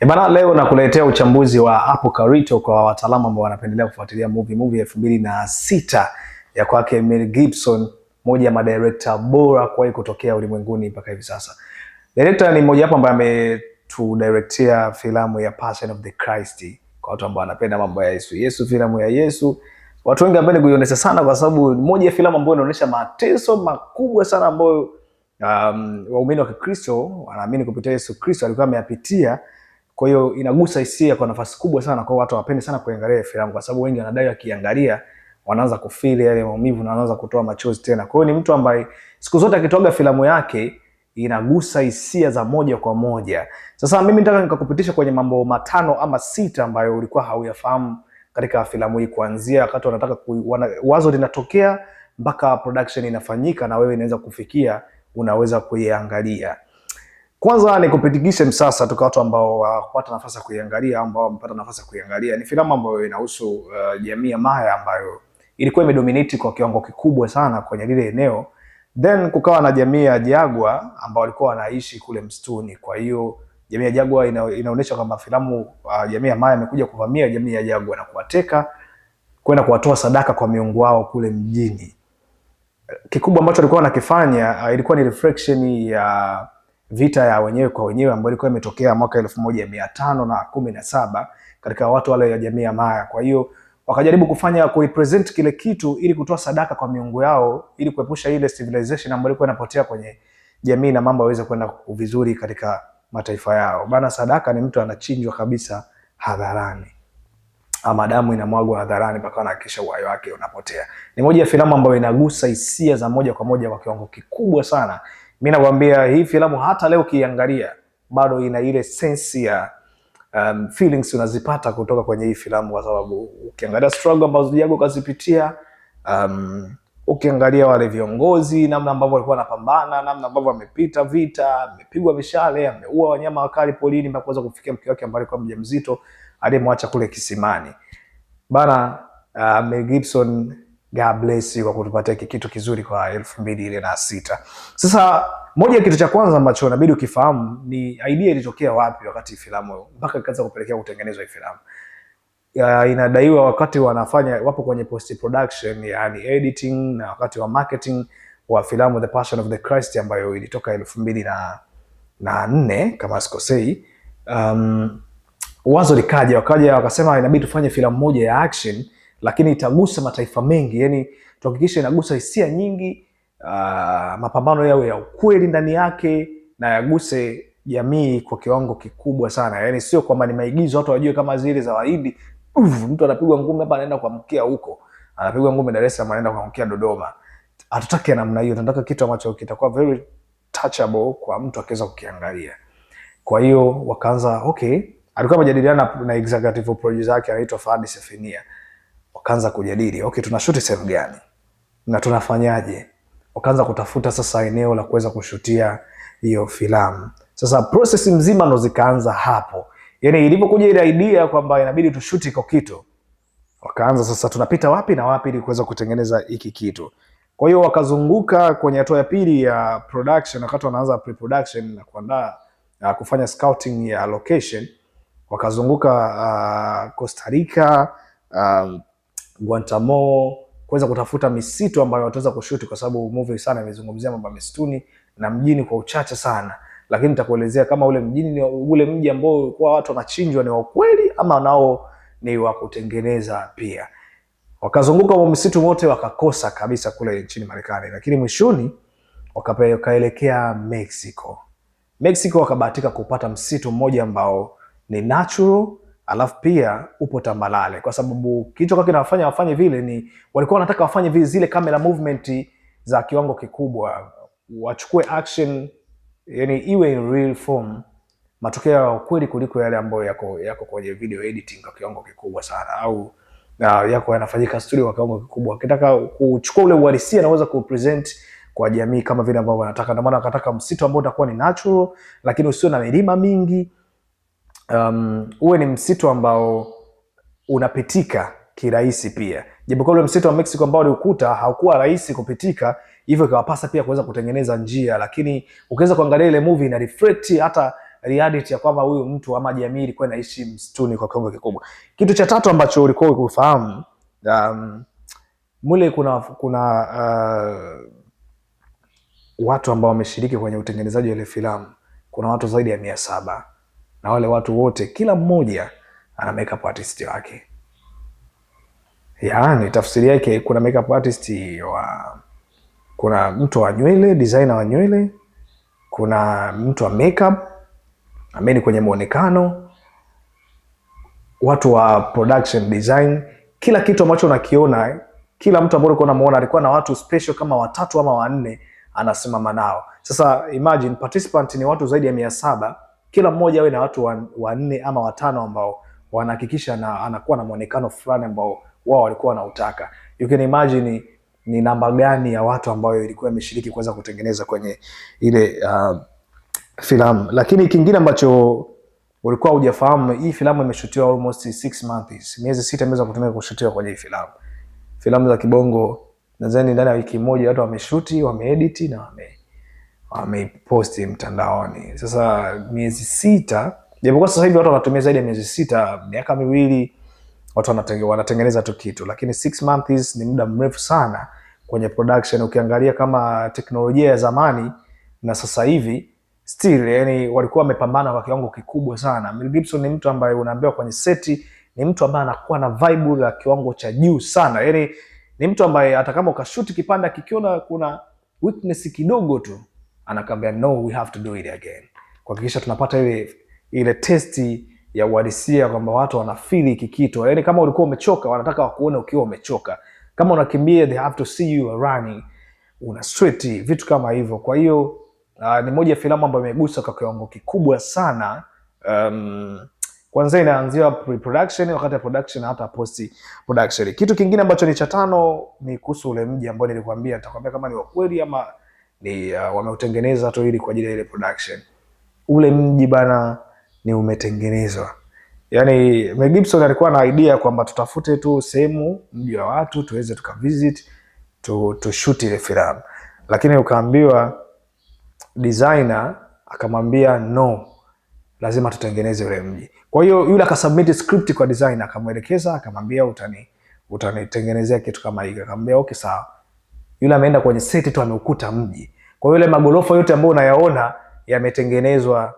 Ebana, eh, leo nakuletea uchambuzi wa Apocalypto kwa wataalamu ambao wanapendelea kufuatilia movie movie elfu mbili na sita ya kwake Mel Gibson, moja ya madirekta bora kuwahi kutokea ulimwenguni mpaka hivi sasa. Direkta ni mmoja hapo ambaye ametudirectia filamu ya Passion of the Christ kwa watu ambao wanapenda mambo ya Yesu. Yesu, filamu ya Yesu. Watu wengi wanapenda kuionyesha sana kwa sababu moja ya filamu ambayo inaonyesha mateso makubwa sana ambayo um, waumini wa Kikristo wanaamini kupitia Yesu Kristo alikuwa ameyapitia kwa hiyo inagusa hisia kwa nafasi kubwa sana, kwa watu wapende sana kuangalia filamu, kwa sababu wengi wanadai wakiangalia wanaanza kufili yale maumivu na wanaanza kutoa machozi tena. Kwa hiyo ni mtu ambaye siku zote akitoaga filamu yake inagusa hisia za moja kwa moja. Sasa mimi nataka nikakupitisha kwenye mambo matano ama sita ambayo ulikuwa hauyafahamu katika filamu hii, kuanzia wakati wanataka ku, wana, wazo linatokea mpaka production inafanyika na wewe inaweza kufikia unaweza kuiangalia. Kwanza ni kupitikishe msasa tuka watu ambao wapata uh, nafasi ya kuiangalia ambao wamepata nafasi ya kuiangalia. Ni filamu ambayo inahusu uh, jamii ya Maya ambayo ilikuwa imedominate kwa kiwango kikubwa sana kwenye lile eneo, then kukawa na jamii ya Jagwa ambao walikuwa wanaishi kule msituni. Kwa hiyo jamii ya Jagwa ina, inaonyesha kwamba filamu uh, jamii ya Maya imekuja kuvamia jamii ya Jagwa na kuwateka kwenda kuwatoa sadaka kwa miungu wao kule mjini. Kikubwa ambacho walikuwa wanakifanya uh, ilikuwa ni reflection ya vita ya wenyewe kwa wenyewe ambayo ilikuwa imetokea mwaka elfu moja mia tano na kumi na saba katika watu wale ya jamii ya Maya. Kwa hiyo wakajaribu kufanya kuipresent kile kitu ili kutoa sadaka kwa miungu yao ili kuepusha ile civilization ambayo ilikuwa inapotea kwenye jamii na mambo yaweze kwenda vizuri katika mataifa yao. Bana, sadaka ni mtu anachinjwa kabisa hadharani ama damu inamwagwa hadharani mpaka anahakikisha uhai wake unapotea. Ni moja ya filamu ambayo inagusa hisia za moja kwa moja kwa kiwango kikubwa sana mi nakwambia hii filamu hata leo ukiangalia bado ina ile sensi ya um, feelings unazipata kutoka kwenye hii filamu, kwa sababu ukiangalia struggle ambazo Diego kazipitia, um, ukiangalia wale viongozi, namna ambavyo walikuwa wanapambana, namna ambavyo amepita vita, amepigwa mishale, ameua wanyama wakali polini mpaka kuweza kufikia mke wake ambaye alikuwa mjamzito aliyemwacha kule kisimani bana. Uh, Mel Gibson God bless you kwa kutupatia kitu kizuri kwa elfu mbili ile na sita. Sasa moja ya kitu cha kwanza ambacho inabidi ukifahamu ni idea ilitokea wapi wakati filamu mpaka ikaanza kupelekea kutengenezwa filamu. Ya, inadaiwa wakati wanafanya wapo kwenye post production yani editing na wakati wa marketing wa filamu The Passion of the Christ ambayo ilitoka elfu mbili na, na nne kama sikosei. Um, wazo likaja wakaja wakasema inabidi tufanye filamu moja ya action lakini itagusa mataifa mengi, yani tuhakikishe inagusa hisia nyingi. Uh, mapambano yawe ya ukweli ndani yake na yaguse jamii kwa kiwango kikubwa sana, yani sio kwamba ni maigizo, watu wajue kama zile za Wahindi, mtu anapigwa ngumi hapa anaenda kuamkia huko, anapigwa ngumi Dar es Salaam anaenda kuamkia Dodoma. Hatutaki namna hiyo, tunataka kitu ambacho kitakuwa very touchable kwa mtu akiweza kukiangalia. Kwa hiyo wakaanza okay, alikuwa amejadiliana na executive producer yake anaitwa Fadi Sefenia wakaanza kujadili, okay, tunashuti sehemu gani na tunafanyaje? Wakaanza kutafuta sasa eneo la kuweza kushutia hiyo filamu. Sasa process mzima ndo zikaanza hapo, yani ilipokuja ile idea kwamba inabidi tushuti kwa kitu, wakaanza sasa tunapita wapi na wapi ili kuweza kutengeneza hiki kitu. Kwa hiyo wakazunguka kwenye hatua ya pili ya production, wakati wanaanza pre-production na kuandaa na uh, kufanya scouting ya location, wakazunguka uh, Costa Rica um, Guantanamo, kuweza kutafuta misitu ambayo wataweza kushuti, kwa sababu movie sana imezungumzia mambo ya misituni na mjini kwa uchache sana, lakini nitakuelezea kama ule mjini ni ule mji ambao kwa watu wanachinjwa ni wa kweli ama nao ni wa kutengeneza pia. Wakazunguka wa msitu wote wakakosa kabisa kule nchini Marekani, lakini mwishoni wakaelekea Mexico. Mexico wakabahatika kupata msitu mmoja ambao ni natural alafu pia upo tambalale, kwa sababu kwa kinawafanya wafanye vile ni walikuwa wanataka wafanye vile zile camera movement za kiwango kikubwa, wachukue action, yani iwe in real form, matokeo ya kweli kuliko yale ambayo yako yako kwenye video editing kwa kiwango kikubwa sana, au na yako yanafanyika studio kwa kiwango kikubwa. Kitaka kuchukua ule uhalisia naweza uweza kupresent kwa jamii kama vile ambao wanataka. Ndio maana wakataka msitu ambao utakuwa ni natural, lakini usio na milima mingi um, uwe ni msitu ambao unapitika kirahisi pia. Japokuwa ule msitu wa Mexico ambao uliukuta haukuwa rahisi kupitika, hivyo ikawapasa pia kuweza kutengeneza njia, lakini ukiweza kuangalia ile movie ina reflect hata reality ya kwamba huyu mtu ama jamii ilikuwa inaishi msituni kwa kiwango kikubwa. Kitu cha tatu ambacho ulikuwa ukufahamu, um, mule kuna kuna uh, watu ambao wameshiriki kwenye utengenezaji wa ile filamu kuna watu zaidi ya mia saba na wale watu wote, kila mmoja ana makeup artist wake. Yaani tafsiri yake, kuna makeup artist wa, kuna mtu wa nywele, designer wa nywele, kuna mtu wa makeup ameni kwenye muonekano, watu wa production design, kila kitu ambacho unakiona kila mtu ambaye ulikuwa unamuona alikuwa na watu special kama watatu ama wanne anasimama nao. Sasa imagine participant ni watu zaidi ya mia saba kila mmoja awe na watu wanne ama watano ambao wanahakikisha na anakuwa na mwonekano fulani ambao wao walikuwa wanautaka. You can imagine ni namba gani ya watu ambayo ilikuwa imeshiriki kuweza kutengeneza kwenye ile uh, filamu. Lakini kingine ambacho ulikuwa hujafahamu, hii filamu imeshutiwa almost 6 months, miezi sita imeweza kutumika kushutiwa kwenye hii filamu. Filamu za kibongo nadhani ndani ya wiki moja watu wameshuti, wameedit na wame ameiposti mtandaoni. Sasa miezi sita, japokuwa sasa hivi watu wanatumia zaidi ya miezi sita, miaka miwili watu wanatengeneza tu kitu, lakini six months ni muda mrefu sana kwenye production. Ukiangalia kama teknolojia ya zamani na sasa hivi still, yani walikuwa wamepambana kwa kiwango kikubwa sana. Mel Gibson ni mtu ambaye unaambiwa kwenye seti ni mtu ambaye anakuwa na vibe la kiwango cha juu sana, yani ni mtu ambaye hata kama ukashuti kipanda kikiona kuna weakness kidogo tu anakwambia no, we have to do it again, kuhakikisha tunapata ile ile testi ya uhalisia kwamba watu wanafili hiki kitu. Yaani kama ulikuwa umechoka, wanataka wakuone ukiwa umechoka. Kama unakimbia, they have to see you running, una sweat, vitu kama hivyo. Kwa hiyo uh, ni moja ya filamu ambayo imegusa kwa kiwango kikubwa sana um, kwanza inaanzia pre-production, wakati ya production hata post production. Kitu kingine ambacho ni cha tano ni kuhusu ule mji ambao nilikwambia, nitakwambia kama ni wa kweli ama ni uh, wameutengeneza tu ili kwa ajili ya ile production. Ule mji bana ni umetengenezwa. Yaani Mel Gibson alikuwa na idea kwamba tutafute tu sehemu mji wa watu tuweze tukavisit tu, tu shoot ile filamu. Lakini ukaambiwa designer akamwambia no, lazima tutengeneze ule mji. Kwa hiyo yule akasubmit script kwa designer, akamwelekeza akamwambia, utani utanitengenezea kitu kama hiki. Akamwambia okay, sawa. Yule ameenda kwenye set tu ameukuta mji. Kwa hiyo yale magorofa yote ambayo unayaona yametengenezwa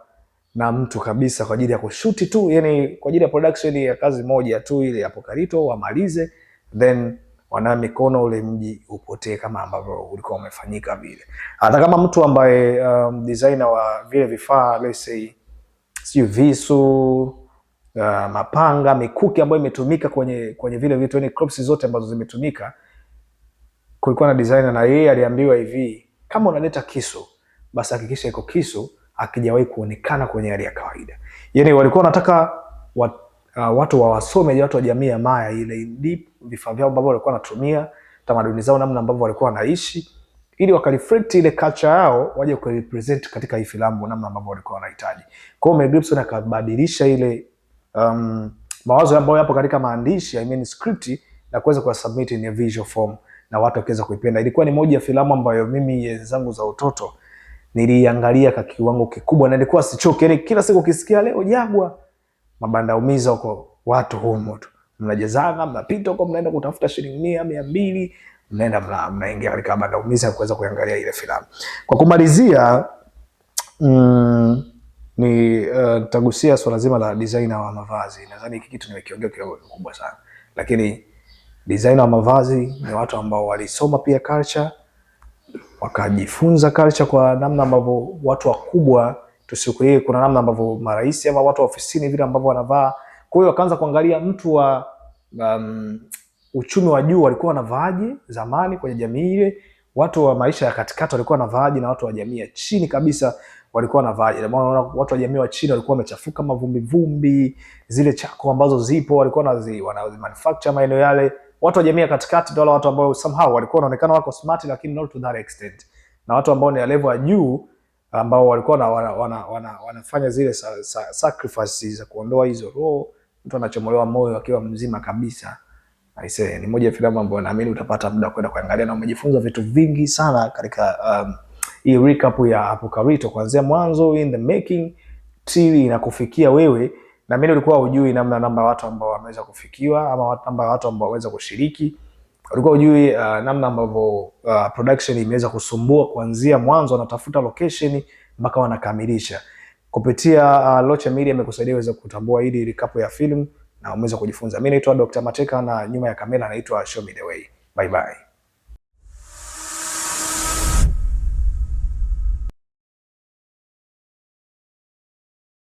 na mtu kabisa kwa ajili ya kushuti tu, yani kwa ajili ya production ya kazi moja tu ile hapo Karito wamalize, then wana mikono ule mji upotee kama ambavyo ulikuwa umefanyika vile. Hata kama mtu ambaye um, designer wa vile vifaa let's say si visu uh, mapanga, mikuki ambayo imetumika kwenye kwenye vile vitu, yani crops zote ambazo zimetumika, kulikuwa na designer na yeye aliambiwa hivi kama unaleta kisu, basi hakikisha iko kisu akijawahi kuonekana kwenye hali ya kawaida. Yani walikuwa wanataka wat, uh, watu wawasome yaani watu wa jamii ya Maya ile deep vifaa vyao ambavyo walikuwa wanatumia, tamaduni zao, namna ambavyo walikuwa wanaishi ili wakareflect ile culture yao waje ku represent katika hii filamu namna ambavyo walikuwa wanahitaji. Kwa hiyo Mel Gibson akabadilisha ile um, mawazo ambayo yapo katika maandishi I mean script na kuweza kuwasubmit in a visual form na watu wakiweza kuipenda. Ilikuwa ni moja ya filamu ambayo mimi zangu za utoto niliangalia kwa kiwango kikubwa na nilikuwa sichoki. yani kila siku ukisikia leo Jagwa mabanda umiza huko watu humo tu. Mnajezana, mnapita huko mnaenda kutafuta shilingi mia mia mbili mnaenda mnaingia katika banda umiza kuweza kuangalia ile filamu. Kwa kumalizia mm, ni eh, nitagusia uh, swala zima la designer wa mavazi. Nadhani hiki kitu nimekiongea kiwango kikubwa sana. Lakini designer wa mavazi ni watu ambao walisoma pia culture, wakajifunza culture kwa namna ambavyo watu wakubwa tusikie, kuna namna ambavyo marais ama watu wa ofisini vile ambavyo wanavaa. Kwa hiyo wakaanza kuangalia mtu wa um, uchumi wa juu walikuwa wanavaaje zamani kwenye jamii ile, watu wa maisha ya katikati walikuwa wanavaaje, na watu wa jamii ya chini kabisa walikuwa wanavaaje. Na maana watu wa jamii wa chini walikuwa wamechafuka mavumbi vumbi, zile chako ambazo zipo walikuwa wanazi manufacture maeneo yale watu wa jamii ya katikati ndio watu ambao somehow walikuwa wanaonekana wako smart, lakini not to that extent, na watu ambao ni level ya juu ambao walikuwa na, wana, wana, wana, wanafanya zile sa, sa, sacrifices za kuondoa hizo roho. Mtu anachomolewa moyo akiwa mzima kabisa. I say, ni moja ya filamu ambayo naamini utapata muda kwenda kuangalia na umejifunza vitu vingi sana katika um, hii recap ya Apocalypto kuanzia mwanzo in the making till inakufikia wewe na mimi ulikuwa hujui namna namba watu ambao wameweza kufikiwa ama namba ya watu ambao wameweza kushiriki. Ulikuwa hujui uh, namna ambavyo uh, production imeweza kusumbua kuanzia mwanzo, wanatafuta location mpaka wanakamilisha. Kupitia uh, Locha Media imekusaidia uweze kutambua hili recap ya film na umeweza kujifunza. Mimi naitwa Dr. Mateka na nyuma ya kamera anaitwa Show Me The Way. Bye bye.